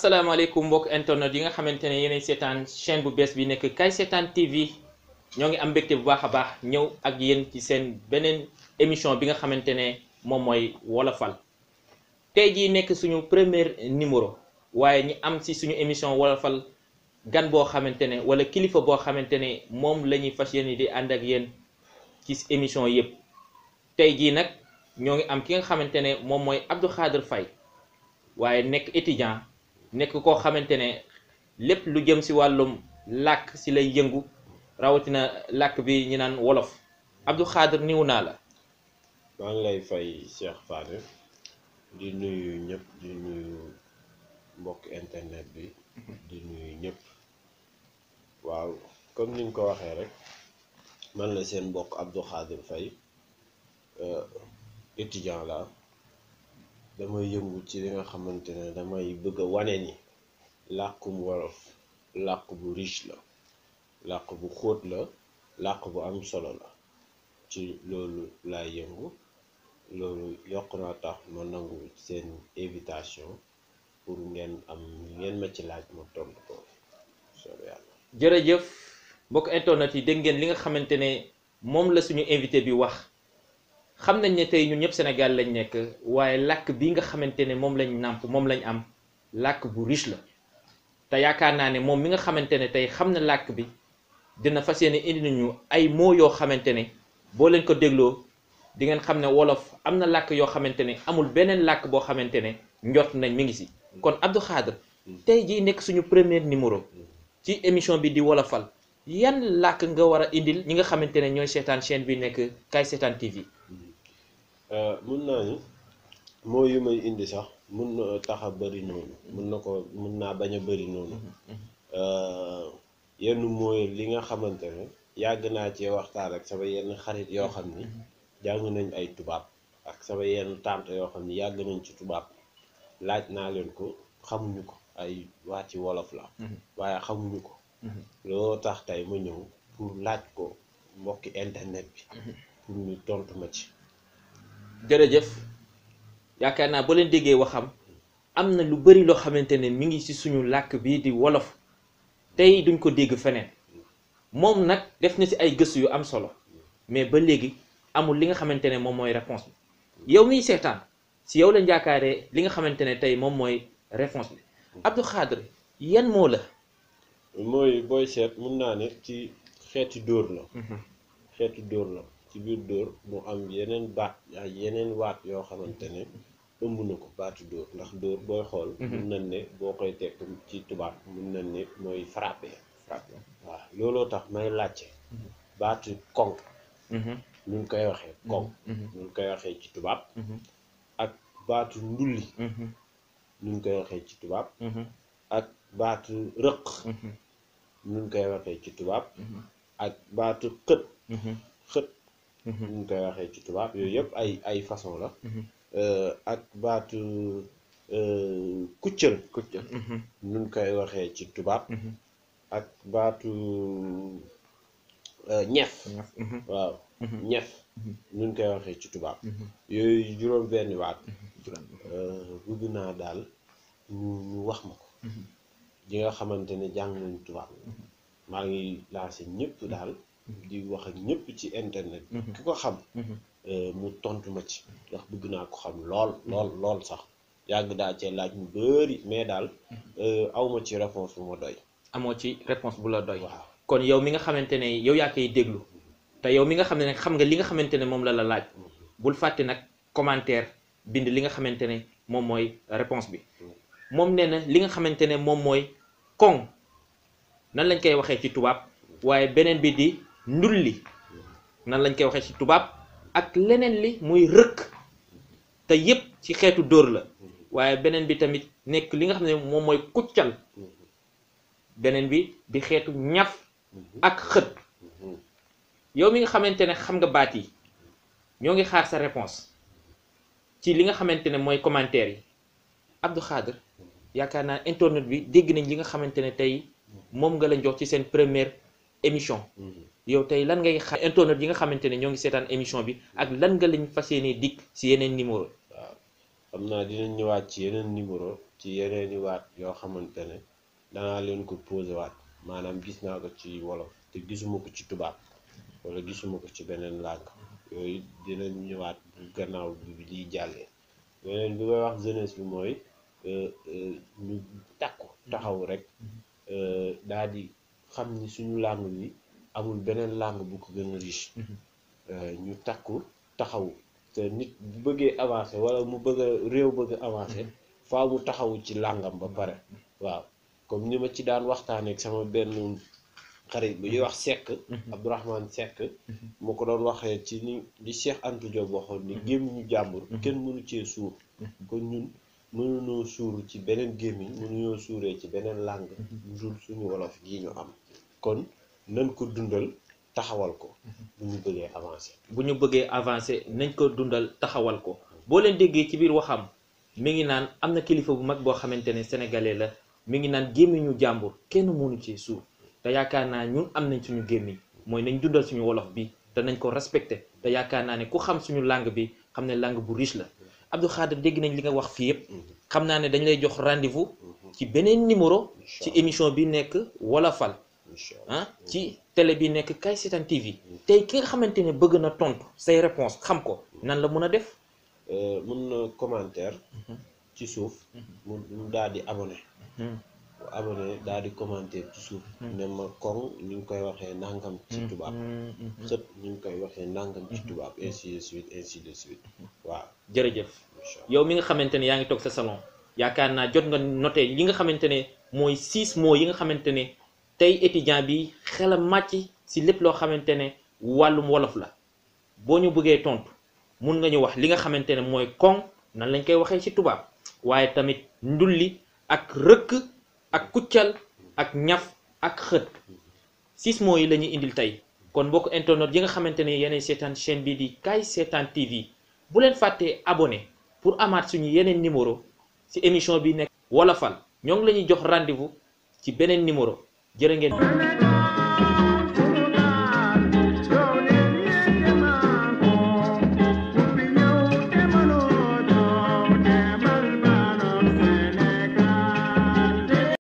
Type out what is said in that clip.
asalaamaaleykum mbokk internet yi nga xamante ne yéenay seetaan chaîne bu bees bi nekk kay seetaan TV ñoo ngi am mbégte bu baax a baax ñëw ak yéen ci seen beneen émission bi nga xamante ne moom mooy wolofal tey jii nekk suñu premier numéro waaye ñi am si suñu émission wolofal gan boo xamante ne wala kilifa boo xamante ne moom lañuy ñuy fas yéene di ànd ak yéen ci émission yëpp tey jii nag ñoo ngi am ki nga xamante ne moom mooy Abdou Khadre Faye waaye nekk étudiant. nekk koo xamante ne lépp lu jëm si wàllum làkk si lay yëngu rawatina làkk bi ñu naan wolof Abdou Khader niw naa la. maa ngi lay fay Cheikh Fane di nuyu ñëpp di nuyu mbokk internet bi di nuyu ñëpp waaw comme niñ ko waxee rek man la seen mbokk Abdou Khader fay euh, étudiant la damay yëngu ci li nga xamante ne damay bëgg a wane ni làkkum wolof làkk bu riche la làkk bu xóot la làkk bu am solo la ci loolu laay yëngu loolu yokk naa tax ma nangu seen invitation pour ngeen am ngeen ma ci laaj ma tontu ko solo yàlla jërëjëf mbokk internet yi dégg ngeen li nga xamante ne moom la suñu invité bi wax xam nañ ne tey ñu ñëpp Sénégal lañ nekk waaye làkk bi nga xamante ne moom lañ nàmp moom lañ am làkk bu riche la te yaakaar naa ne moom mi nga xamante ne tey xam na làkk bi dina fas yéene indi nañu ay mots yoo xamante ne boo leen ko dégloo di ngeen xam ne wolof am na làkk yoo xamante ne amul beneen làkk boo xamante ne njort nañ mi ngi si kon Abdou Khadre tey jii nekk suñu première numéro ci émission bi di wolofal yan làkk nga war a indil ñi nga xamante ne ñooy seetaan chaîne bi nekk Kaay Seetaan TV Euh, mun naa ni moo yu may indi sax mun na tax a bëri noonu mun na ko mun naa bañ a bari noonu mhm, mhm. Euh, yenn mooy li nga xamante ne yàgg naa cee waxtaan ak sama yenn xarit yoo xam ni mhm, jàng nañ ay tubaab ak sama yenn tànt yoo xam ni yàgg nañ ci tubaab laaj naa leen ko xamuñu ko ay waa ci wolof la waaye xamuñu ko loo tax tey ma ñëw pour laaj ko mbokki internet bi pour ñu tontu ma ci jërëjëf yaakaar naa ba leen déggee waxam am na lu bari loo xamante ne mi ngi ci suñu làkk bii di wolof tey duñ ko dégg feneen moom nag def na ci ay gëstu yu am solo mais ba léegi amul li nga xamante ne moom mooy réponse bi yow miy seetaan ci yow lañ yaakaaree li nga xamante ne tey moom mooy réponse bi Abdou Khadre yan moo la. mooy booy seet mun naa ne ci xeeti dóor la. Mhm. xeeti dóor la. ci biir dóor mu am yeneen baat yeneen waat yoo xamante ne ëmb na ko baatu dóor ndax dóor booy xool mhm. mun nañ ne boo koy tekk ci tubaab mun na ne mooy frappé frappé looloo tax may laajte mhm. baatu konk mhm. nun koy waxee konk nun koy waxee ci tubaab ak baatu ndulli nun koy waxee ci tubaab ak baatu rëq nun koy waxee ci tubaab ak baatu xët xët ñu mm-hmm. koy waxee ci tubaab yooyu mm-hmm. yëpp ay ay façon la mm-hmm. euh, ak baatu euh, kuccal kuccal nun koy waxee ci tubaab ak baatu euh, ñef waaw ñef nun koy waxee ci tubaab yooyu juróom benni waat bëgg naa daal ñu ñu wax ma ko di nga xamante ne jàng nañ tubaab maa ngi lancé ñëpp daal di wax ak ñëpp ci internet. ki mhm. ko xam. Mhm. Euh, mu tontu ma ci. ndax bëgg naa ko xam lool lool lool sax yàgg daal cee laaj mu bëri mais daal mhm. euh, awma ci réponse bu ma doy. amoo ci réponse bu la doy. waaw kon yow mi nga xamante ne yow yaa koy déglu. te yow mi nga xam ne nag xam nga li nga xamante ne moom la la laaj. bul fàtte nag commentaire bind li nga xamante ne moom mooy réponse bi. moom nee li nga xamante ne moom mooy koŋ na lañ koy waxee ci tubaab waaye beneen bi di. ndulli nan lañ koy waxee ci tubaab ak leneen li muy rëq te yépp ci xeetu dóor la waaye beneen bi tamit nekk li nga xam ne moom mooy kuccal beneen bi di xeetu ñaf ak xët yow mi nga xamante ne xam nga baat yi ñoo ngi xaar sa réponse ci li nga xamante ne mooy commentaire yi Abdou Khadre yaakaar naa internet bi dégg nañ li nga xamante ne tey moom nga lañ jox ci seen première émission. Mhm. yow tey lan ngay xa internet yi nga xamante ne ñoo ngi seetaan émission bi ak lan nga lañ fas yéenee dikk ci yeneen numéro waaw xam naa dina ñëwaat ci yeneen numéro ci yeneen i waat yoo xamante ne danaa leen ko posé waat maanaam gis naa ko ci wolof te gisuma ko ci tubaab wala gisuma ko ci beneen làkk yooyu dinañ ñëwaat bu gannaaw bi liy jàllee beneen bi may wax jeunesse bi mooy euh, euh, ñu takku taxaw rek mhm. euh, daal xam ni suñu langue bi amul beneen langue bu ko gën a riche. Mm-hmm. Euh, ñu takku taxawu te nit bu bëggee avancé wala mu bëgg réew bëgg avancé mm-hmm. faa mu taxawu ci làngam ba pare mm-hmm. waaw comme ni ma ci daan waxtaanee ak sama benn xarit bu ñuy wax Seck. Abdourahmane Seck. moo ko doon waxee ci ni li Cheikh Anta Diop waxoon ni gémm ñu jàmbur. kenn mënu cee suuf kon ñun. mënuñoo suur ci beneen gémmiñ mënuñoo suuree ci beneen langue mhm. lu dul suñu wolof yi ñu am kon nañ ko dundal taxawal ko mhm. bu ñu bëggee avancer bu ñu bëggee avancer nañ ko dundal taxawal ko boo leen déggee ci biir waxam mi ngi naan am na kilifa bu mag boo xamante ne sénégalais la mi ngi naan gémmiñu jàmbur kenn mënu ci suur te yaakaar naa ñun am nañ suñu gémmiñ mooy nañ dundal suñu wolof bi te nañ ko respecté te yaakaar naa ne ku xam suñu langue bi xam ne langue bu riche la Abdou Khadir dégg nañ li nga wax fii yëpp mhm. xam naa ne dañ lay jox rendez-vous mhm. ci beneen numéro ci émission bi nekk wala fal ah, ci télé bi nekk Kaay Seetaan TV mhm. tey ki nga xamante ne bëgg na tontu say réponse xam ko nan la mun a def euh, mun na commentaire ci suuf mu daal di abonné bu daal di commentaire suuf ne ma koŋ ñu ngi koy waxee nangam ci tubaab sët ñu ngi koy waxee nangam ci tubaab ainsi de suite ainsi de suite waaw jërëjëf yow mi nga xamante ne yaa ngi toog sa salon yaakaar naa jot nga noté li nga xamante ne mooy six mots yi nga xamante ne tey étudiant bi xelam màcc si lépp loo xamante ne wàllum wolof la boo ñu bëggee tontu mun nga ñu wax li nga xamante ne mooy koŋ nan lañ koy waxee ci tubaab waaye tamit ndulli ak rëkk ak kuccal ak ñaf ak xët six mots yi la ñuy indil tey kon mbokk internet yi nga xamante ne yeneen seetaan chaîne bi di Kaay Seetaan TV bu leen fàttee abone pour amaat suñu yeneen numéro ci émission bi nekk wolofal ñoo ngi la ñuy jox rendez ci beneen numéro jërë ngeen